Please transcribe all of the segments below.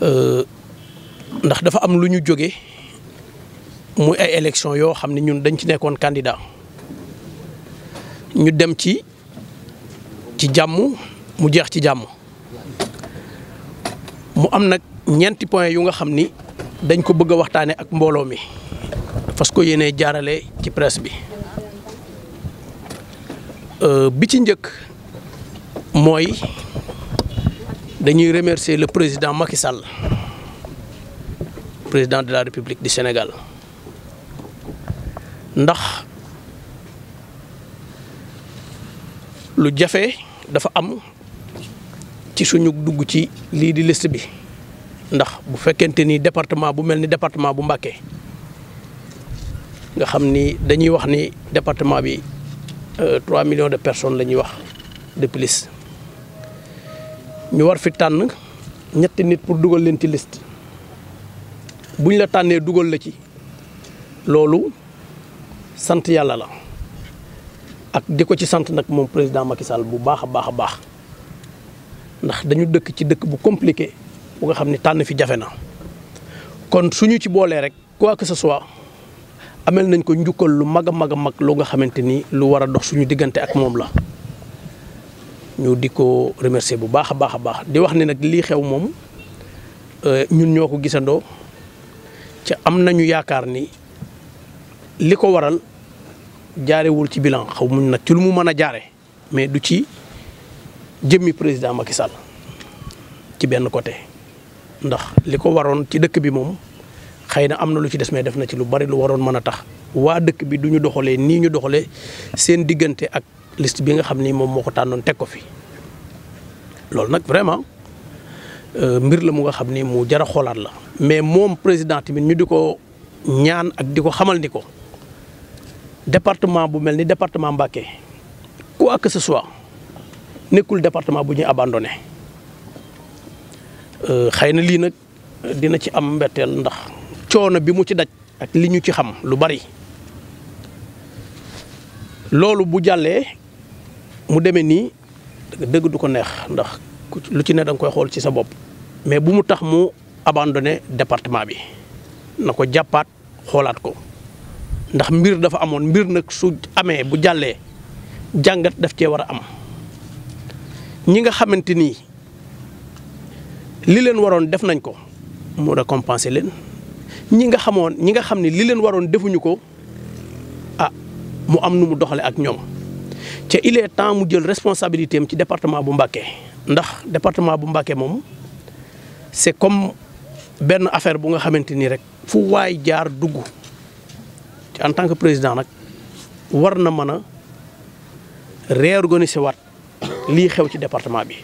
Euh, ndax dafa am lu ñu jóge muy ay élection yoo xam ne ñun dañ ci nekkoon candidat ñu dem ci ci jàmm mu jeex ci jàmm mu am nag ñeenti point yu nga xam ni dañ ko bëgg a waxtaane ak mbooloo mi parce que yéene jaarale ci presse bi euh, bi ci njëkk mooy dañuy remercier le président Macky Sall président de la République du Sénégal ndax lu jafe dafa am ci suñu dugg ci lii di liste bi ndax bu fekkente ni département bu mel ni département bu Mbacké nga xam ni dañuy wax ni département bi 3 euh, millions de personnes la ñuy wax de plus. ñu war fi tànn ñetti nit pour dugal leen ci liste buñ la tànnee dugal la ci loolu sant yàlla la ak di ko ci sant nag moom président Macky Sall bu baax a baax a baax ndax dañu dëkk ci dëkk bu compliqué bu nga xam ni tànn fi jafe na kon suñu ci boolee rek quoi que sa soit amel nañ ko njukkal lu mag a mag a mag loo nga xamante ni lu war a dox suñu diggante ak moom la ñu di ko remercier bu baax a baax a baax di wax ne nag lii xew moom euh, ñun ñoo ko gisandoo ca am nañu yaakaar ni li ko waral jaarewul ci bilan xaw muñ nag ci lu mu mën a jaare mais du ci jëmmi président Macky Sall ci benn côté ndax li ko waroon ci dëkk bi moom xëy na am na lu ci des mais def na ci lu bari lu waroon mën a tax waa dëkk bi du ñu doxalee nii ñu doxalee seen diggante ak liste bi nga xam ni moom moo ko tànnoon teg ko fi loolu nag vraiment euh, mbir la mu nga xam ni mu jar a xoolaat la. mais moom président tamit ñu di ko ñaan ak di ko xamal ni ko département bu mel ni département Mbacké quoi que ce soit nekkul département bu ñuy abandonné euh, xëy na lii nag dina ci am mbetteel ndax coono bi mu ci daj ak li ñu ci xam lu bari. loolu bu jàllee mu demee nii dëgg du ko neex ndax lu ci ne da koy xool ci sa bopp mais bu mu tax mu abandonné département bi na ko jàppaat xoolaat ko ndax mbir dafa amoon mbir nag su amee bu jàllee jàngat daf cee war a am ñi nga xamante ni li leen waroon def nañ ko mu récompenser leen ñi nga xamoon ñi nga xam ne li leen waroon defuñu ko ah mu am nu mu doxale ak ñoom ca il est temps mu jël responsabilité ci département bu Mbacké ndax département bu Mbacké moom c'est comme benn affaire bu nga xamante nii rek fu waaye jaar dugg ci en tant que président nag war na mën a réorganiser waat lii xew ci département bi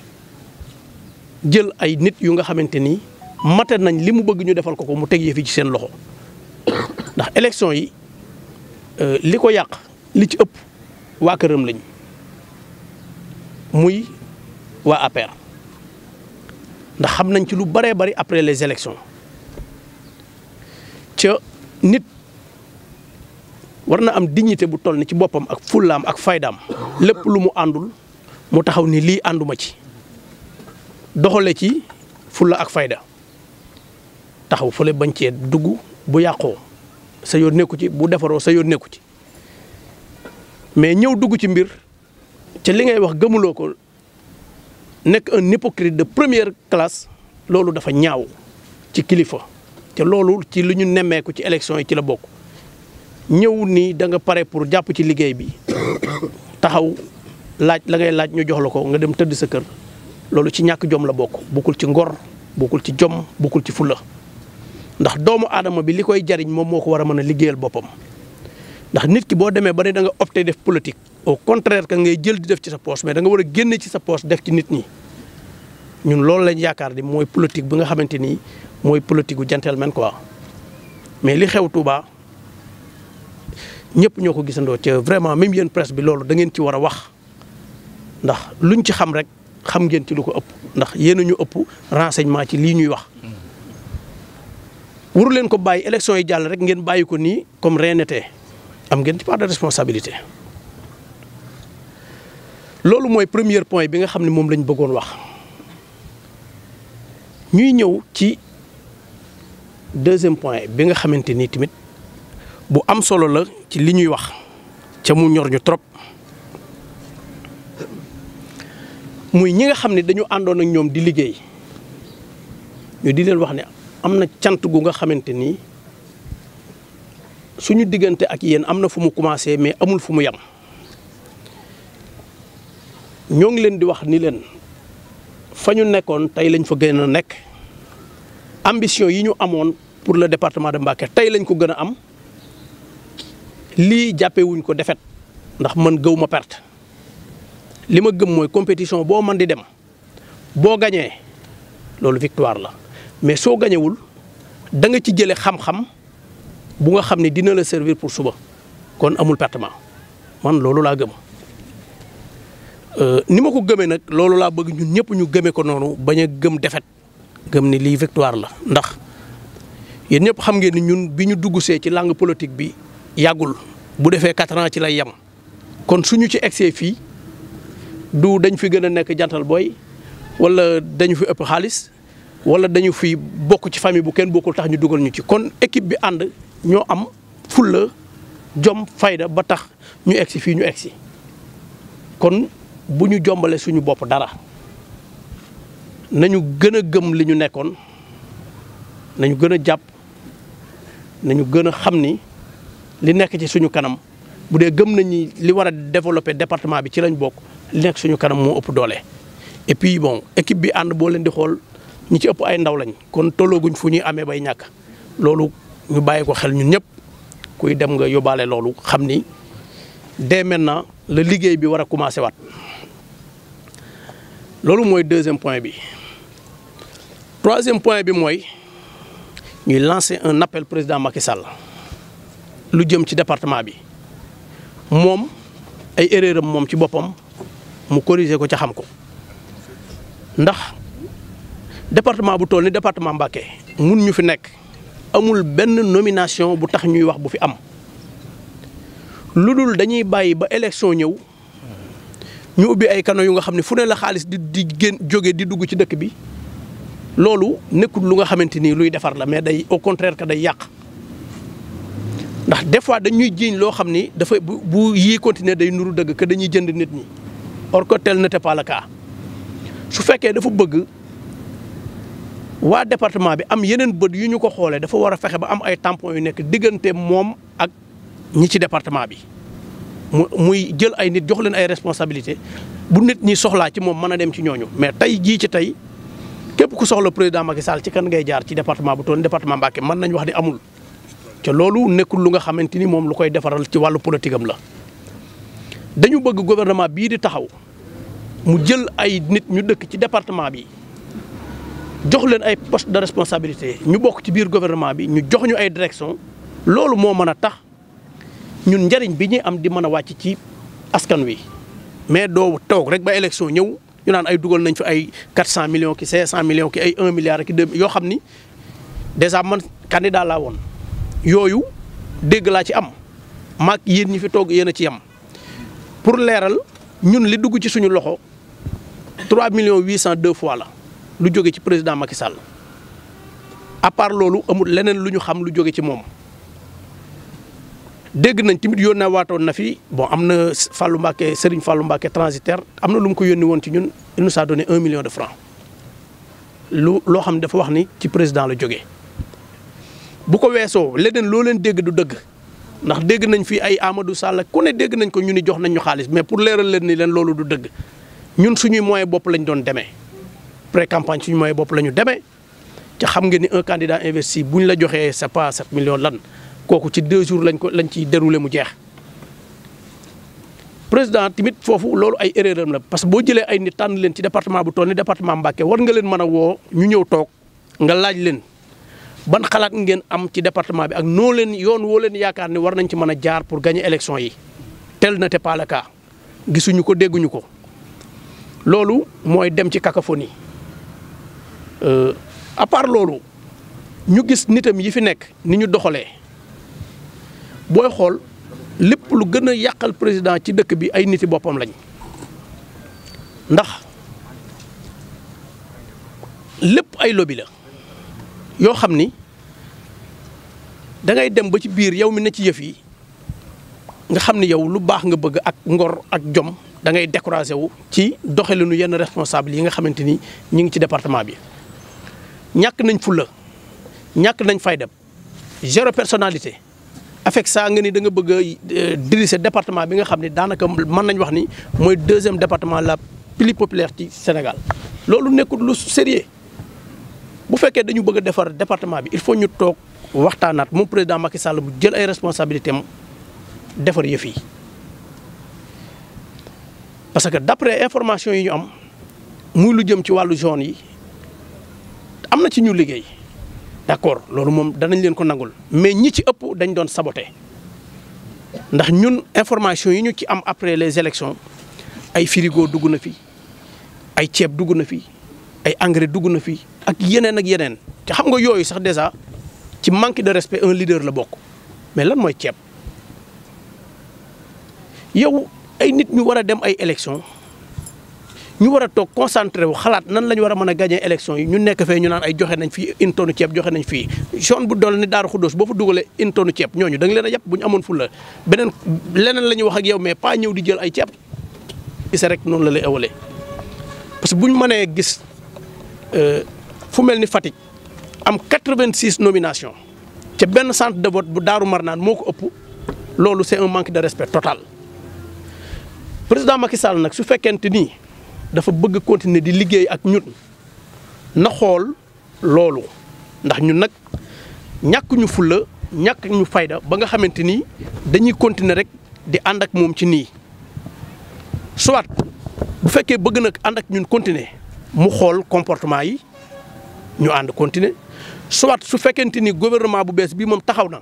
jël ay nit yu nga xamante ni mate nañ li mu bëgg ñu defal ko ko mu teg yëf yi ci seen loxo ndax élection yi euh, li ko yàq li ci ëpp waa këram lañ muy waa APR ndax xam nañ ci lu bëree bëri après les élections ca nit war na am dignité bu toll ni ci boppam ak fullaam ak faydaam lépp lu mu àndul mu taxaw ni lii ànduma ci doxale ci fulla ak fayda taxaw fële bañ cee dugg bu yàqoo sa yoon nekku ci bu defaroo sa yoon nekku ci mais ñëw dugg ci mbir ca li ngay wax gëmuloo ko nekk un hypocrite de première classe loolu dafa ñaaw ci kilifa te loolu ci li ñu nemmeeku ci élection yi ci la bokk ñëwul nii danga pare pour jàpp ci liggéey bi taxaw laaj la ngay laaj ñu jox la ko nga dem tëdd sa kër loolu ci ñàkk jom la bokk bukkul ci ngor bokkul ci jom bukkul ci fulla ndax doomu aadama bi li koy jariñ moom moo ko war a mën a liggéeyal boppam ndax nit ki boo demee ba ne da nga opté def politique au contraire ka ngay jël di def ci sa poche mais danga war a génne ci sa poche def ci nit ñi ñun loolu lañ yaakaar ni mooy politique bi nga xamante ni mooy politique gu gentleman quoi mais li xew tuuba ñëpp ñoo ko gisandoo ci vraiment même yéen presse bi loolu dangeen ci war a wax ndax luñ ci xam rek xam ngeen ci lu ko ëpp ndax yéen ñu ëpp renseignement ci lii ñuy wax. waru leen ko bàyyi élection yi jàll rek ngeen bàyyi ko nii comme ren am ngeen ci part responsabilité. loolu mooy première point bi nga xam ne moom lañu bëggoon wax ñuy ñëw ci deuxième point bi nga xamante ni tamit bu am solo la ci li ñuy wax ca mu ñor ñu trop muy ñi nga xam ne dañu àndoon ak ñoom di liggéey ñu di leen wax ne am na cant gu nga xamante ni suñu diggante ak yéen am na fu mu commencé mais amul fu mu yem. ñoo ngi leen di wax nii leen fa ñu nekkoon tey lañu fa gën a nekk ambition yi ñu amoon pour le département de Mbacké tey lañu ko gën a am lii jàppewuñ ko defet ndax man gëw ma perte li ma gëm mooy compétition boo man di dem boo gañee loolu victoire la mais soo gañewul da nga ci jële xam-xam bu nga xam ne dina la servir pour suba kon amul pertement man loolu laa gëm Euh, ni ma ko gëmee nag loolu laa bëgg ñun ñëpp ñu gëmee ko noonu bañ a gëm défaite gëm ni lii victoire la ndax yéen ñëpp xam ngeen ni ñun bi ñu dugg see ci langue politique bi yàggul bu defee quatre ans ci lay yem. kon suñu ci egsee fii du dañ fi gën a nekk jantal booy wala dañu fi ëpp xaalis wala dañu fi bokk ci famille bu kenn bokkul tax ñu dugal ñu ci kon équipe bi ànd ñoo am fulla jom fayda ba tax ñu egsi fii ñu egsi kon bu ñu jombalee suñu bopp dara nañu gën a gëm li ñu nekkoon nañu gën a jàpp nañu gën a xam ni li nekk ci suñu kanam bu dee gëm nañ ni li war a développer département bi ci lañ bokk li nekk suñu kanam moo ëpp doole. et puis bon équipe bi ànd boo leen di xool ñi ci ëpp ay ndaw lañ kon tollooguñ fu ñuy amee bay ñàkk loolu ñu bàyyi ko xel ñun ñëpp kuy dem nga yóbbaale loolu xam ni dès maintenant la liggéey bi war a commencer waat. loolu mooy deuxième point bi troisième point bi mooy ñuy lancé un appel président Macky Sall lu jëm ci département bi moom ay erreur am moom ci boppam mu corriger ko ca xam ko ndax departement bu toll ni département Mbacké mun ñu fi nekk amul benn nomination bu tax ñuy wax bu fi am lu dul dañuy bàyyi ba élection ñëw. ñu ubbi ay canaux yu nga xam ne fu ne la xaalis di di génn jóge di dugg ci dëkk bi loolu nekkul lu nga xamante ni luy defar la mais day au contraire que day yàq ndax des fois dañuy jiiñ loo xam ni dafa bu bu yii continuer day nuru dëgg que dañuy jënd nit ñi or que tel n'était pas su fekkee dafa bëgg waa département bi am yeneen bët yu ñu ko xoolee dafa war a fexe ba am ay tampon yu nekk diggante moom ak ñi ci département bi. muy jël ay nit jox leen ay responsabilité bu nit ñi soxlaa ci moom mën a dem ci ñooñu mais tey jii ci tey képp ku soxla président Macky Sall ci kan ngay jaar ci département bu toll département Mbacké mën nañ wax ni amul te loolu nekkul lu nga xamante ni moom lu koy defaral ci wàllu politique la dañu bëgg gouvernement bii di taxaw mu jël ay nit ñu dëkk ci département bi jox leen ay poste de responsabilité ñu bokk ci biir gouvernement bi ñu jox ñu ay direction loolu moo mën a tax ñun njëriñ bi ñuy am di mën a wàcc ci askan wi mais doo toog rek ba élection ñëw ñu naan ay dugal nañ fi ay 400 millions ki 500 millions ki ay 1 milliard ki 2 yoo xam ni dèjà man candidat laa woon yooyu dégg laa ci am maag yéen ñi fi toog yéen a ci am pour leeral ñun li dugg ci suñu loxo 3 millions 802 fois la lu jóge ci président Macky Sall à loolu amul leneen lu ñu xam lu jóge ci moom. dégg nañ yoon yónnee waatoon na fi bon am na Fallou Mbacké Serigne fàllu Mbacké transitaire am na lu mu ko yónni woon ci ñun il nous a un million de francs lu loo xam ne dafa wax ni ci président la jóge bu ko weesoo leneen loo leen dégg du dëgg ndax dégg nañ fi ay Amadou Sall ku ne dégg nañ ko ñu ni jox nañ ñu xaalis mais pour leeral leen ni leen loolu du dëgg ñun suñuy moyen bopp lañ doon demee pré campagne suñu moyen bopp la ñu demee te xam nga ni un candidat investi ñu la joxee c'est pas sept million lan. kooku ci deux jours lañ ko lañ ciy déroulé mu jeex président tamit foofu loolu ay erreur la parce que boo jëlee ay nit tànn leen ci département bu toll ni département Mbacké war nga leen man a woo ñu ñëw toog nga laaj leen ban xalaat ngeen am ci département bi ak noo leen yoon woo yaakaar ne war nañ ci mën a jaar pour gagner élection yi tel na te le cas gisuñu ko dégguñu ko loolu mooy dem ci cacophonie euh, à part loolu ñu gis nitam yi fi nekk ni ñu doxalee. booy xool lépp lu gën a yàqal président ci dëkk bi ay niti boppam lañ ndax lépp ay lobby la yoo xam ni dangay dem ba ci biir yow mi ne ci yëf yi nga xam ni yow lu baax nga bëgg ak ngor ak jom da ngay découragé wu ci doxalinu yenn responsable yi nga xamante ni ñu ngi ci département bi ñàkk nañ fulla ñàkk nañ fay dem zéro personnalité avec saa nga ni da nga bëgg a euh, diriger département bi nga xam ne daanaka mën nañ wax ni mooy deuxième département la plus populaire ci Sénégal loolu nekkul lu sérieux bu fekkee dañu bëgg a defar département bi il faut ñu toog waxtaanaat mu président Macky Sall bu jël ay responsabilités defar yëf yi parce que d'après information yi ñu am muy lu jëm ci wàllu zone yi am na ci ñu liggéey. d'accord loolu moom danañ leen ko nangul mais ñi ci ëpp dañ doon saboté ndax ñun information yi ñu ci am après les élections ay frigo dugg na fi ay ceeb dugg na fi ay engrais dugg na fi ak yeneen ak yeneen te xam nga yooyu sax déjà ci manque de respect un leader la bokk mais lan mooy ceeb yow ay nit ñu war a dem ay élections ñu war a toog concentré wu xalaat nan la ñu war a mën a gagné élection yi ñu nekk fee ñu naan ay joxe nañ fii une tonne ceeb joxe nañ fii zone bu dool ni Daaru Xuddoos boo fa dugalee une tonne ceeb ñooñu da nga leen a yàpp bu ñu amoon fulla beneen leneen la ñuy wax ak yow mais pas ñëw di jël ay ceeb isa rek noonu la lay awalee parce que bu ñu mënee gis euh, fu mel ni Fatick am 86 nomination ca benn centre de vote bu Daaru mar naan moo ko ëpp loolu c'est un manque de respect total président Macky Sall nag su fekkente nii dafa bëgg continuer di liggéey ak ñun na xool loolu ndax ñun nag ñàkk ñu fulla ñàkk ñu fayda ba nga xamante ni dañuy continuer rek di ànd ak moom ci nii soit bu fekkee bëgg nag ànd ak ñun continuer mu xool comportement yi ñu ànd continuer soit su fekkente ni gouvernement bu bees bi moom taxaw na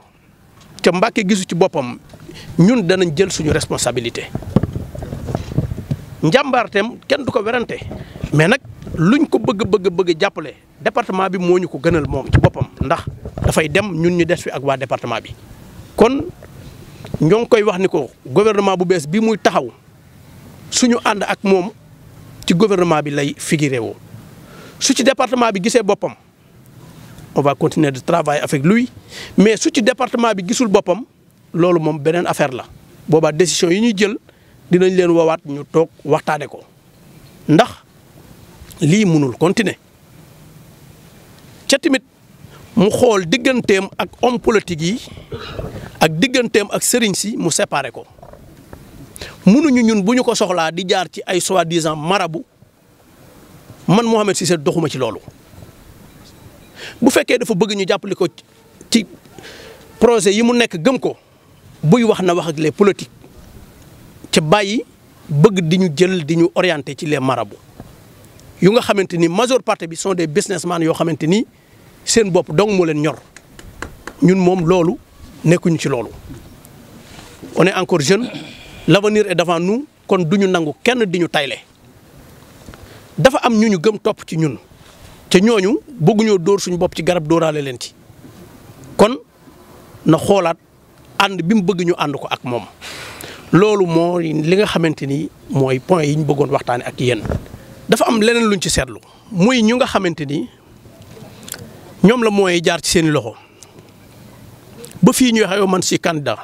te Mbàkke gisu ci boppam ñun danañ jël suñu responsabilité njàmbaarteem kenn du ko werante mais nag luñ ko bëgg bëgg bëgg jàppale département bi moo ñu ko gënal moom ci boppam ndax dafay dem ñun ñu des fi ak waa département bi. kon ñoo ngi koy wax ni ko gouvernement bu bees bi muy taxaw suñu ànd ak moom ci gouvernement bi lay figuré woo su ci département bi gisee boppam on va continuer de travailler avec luy mais su ci département bi gisul boppam loolu moom beneen affaire la boobaa décision yi ñuy jël. dinañ leen woowaat ñu toog waxtaane ko ndax lii mënul continuer ca mu xool digganteem ak homme politique yi ak digganteem ak sëriñ si mu séparé ko mënuñu ñun bu ñu ko soxlaa di jaar ci ay soi-disant marabu man Mouhamed Cissé doxuma ci loolu bu fekkee dafa bëgg ñu jàppale ko ci projet yi mu nekk gëm ko buy wax na wax ak les politiques ca bàyyi bëgg di ñu jël di ñu orienté ci les marabu yu nga xamante ni majeure partie bi sont des businessmen yoo xamante ni seen bopp dong moo leen ñor ñun moom loolu nekkuñu ci loolu. on encore jeune l'avenir est devant nous kon du ñu nangu kenn di ñu tayle dafa am ñu ñu gëm topp ci ñun te ñooñu bëgguñoo dóor suñu bopp ci garab dóoraale leen ci kon na xoolaat ànd bi mu bëgguñu ñu ànd ko ak moom. loolu moo li nga xamante ni mooy point yi ñu bëggoon waxtaanee ak yéen dafa am leneen ñu ci seetlu muy ñu nga xamante ni ñoom la mooy jaar ci seen loxo ba fii ñu waxee man si candidat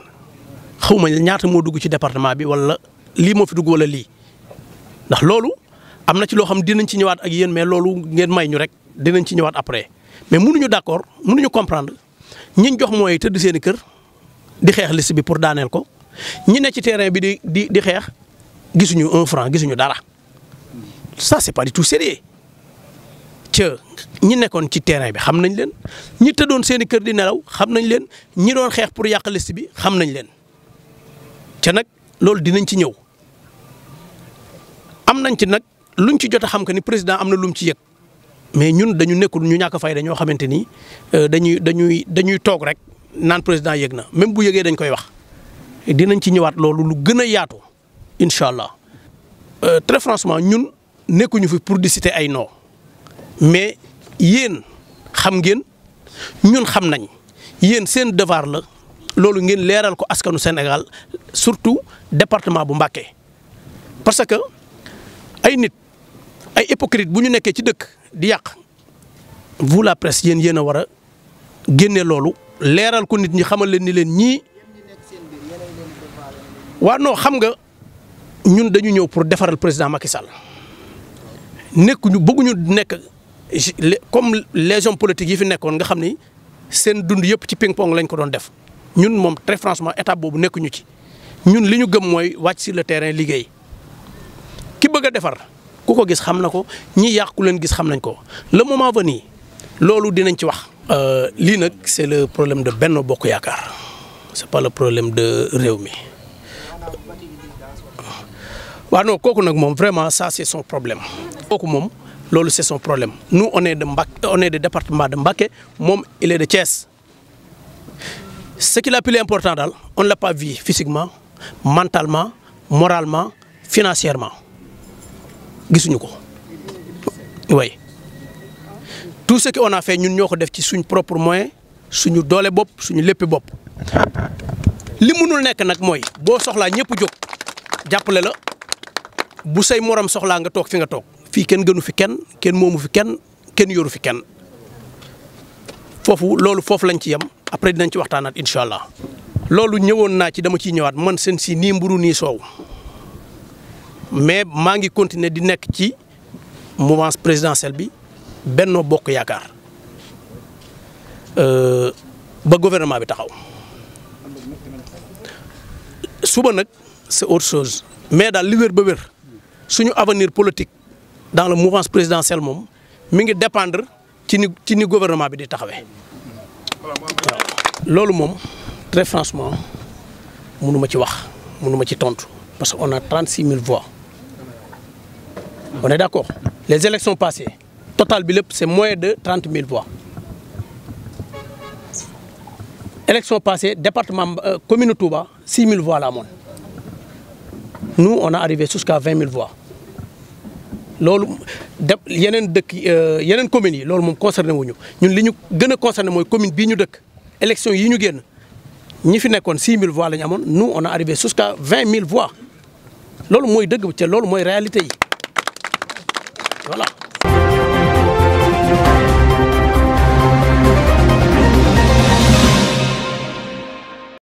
xaw ma ñaata moo dugg ci département bi wala lii moo fi dugg wala lii ndax loolu am na ci loo xam dinañ ci ñëwaat ak yéen mais loolu ngeen may ñu rek dinañ ci ñëwaat après mais mënuñu d'accord mënuñu comprendre ñiñ jox mooy tëdd seen i kër di xeex liste bi pour daaneel ko. ñi ne ci terrain bi di di di xeex gisuñu un franc gisuñu dara ça c'est pas du tout sérieux ca ñi nekkoon ci terrain bi xam nañ leen ñi tëddoon seen i kër di nelaw xam nañ leen ñi doon xeex pour yàq liste bi xam nañ leen ca nag loolu dinañ ci ñëw am nañ ci nag luñ ci jot a xam que ni président am na lum ci yëg mais ñun dañu nekkul ñu ñàkk fay dañoo xamante ni euh, dañuy dañuy dañuy toog rek naan président yëg na même bu yëgee dañ koy wax. dinañ ci ñëwaat loolu lu gën a yaatu incha allah euh, très franchement ñun nekkuñu fi pour di citer ay non mais yéen xam ngeen ñun xam nañ yéen seen devoir la loolu ngeen leeral ko askanu Sénégal surtout département bu Mbacké parce que ay nit ay hypocrite bu ñu nekkee ci dëkk di yàq vous la presse yéen yéen a war a génne loolu leeral ko nit ñi xamal leen ni leen ñii waa non xam nga ñun dañu ñëw pour defaral président Macky Sall nekkuñu bëgguñu nekk comme les hommes yi fi nekkoon nga xam ni seen dund yëpp ci ping pong lañ ko doon def ñun moom très franchement étape boobu nekkuñu ci ñun li ñu gëm mooy wàcc sur le terrain liggéey ki bëgg defar ku ko gis xam na ko ñi yàqu leen gis xam nañ ko le moment venu loolu dinañ ci wax. Euh, lii nag c'est le problème de Benno Bokk Yaakaar c'est pas le problème de réew mi waaw non kooku nag moom vraiment ça c'est problème kooku moom loolu c'est problème nous on est de Mbacké on est de département moom il est de Thiès ce qui l'a plus important daal on l'a pas vu physiquement mentalement moralement financièrement gisuñu ko way tout ce on a fait ñun ñoo ko def ci suñ propre moyen suñu doole bopp suñu lépp bopp li mënul nekk nag mooy boo soxlaa ñëpp jóg jàppale la bu say morom soxlaa nga toog fi nga toog. fii kenn gënu fi kenn kenn moomu fi kenn kenn yoru fi kenn foofu loolu foofu lañ ci yem après dinañ ci waxtaanaat incha allah. loolu ñëwoon naa ci dama ciy ñëwaat man seen si nii mburu nii soow mais maa ngi continuer di nekk ci mouvance présidentielle bi Benno Bokk Yaakaar euh, ba gouvernement bi taxaw suba nag c'est autre chose mais daal li wér ba wér. suñu avenir politique dans la mouvance présidentielle moom mi ngi dépendre ci ni ci ni gouvernement bi di taxawee loolu moom très franchement mënu ma ci wax mënu ma ci tontu parce que on a 36 mille voix on est d' accord les élections passées total bi lépp c' est moins de 30 mille voix élections passées département euh, commune Touba 6 000 voix la amoon nous on a arrivé jusqu'à 20 mille voix loolu dem yeneen dëkk euh, yeneen communes yi loolu moom concerné wuñu ñun li ñu gën a concerné mooy commune bii ñu dëkk élection yi ñu génn ñi fi nekkoon 6000 voix la ñu amoon nu on a arrivé vingt 20000 voix loolu mooy dëgg te loolu mooy réalité yi voilà.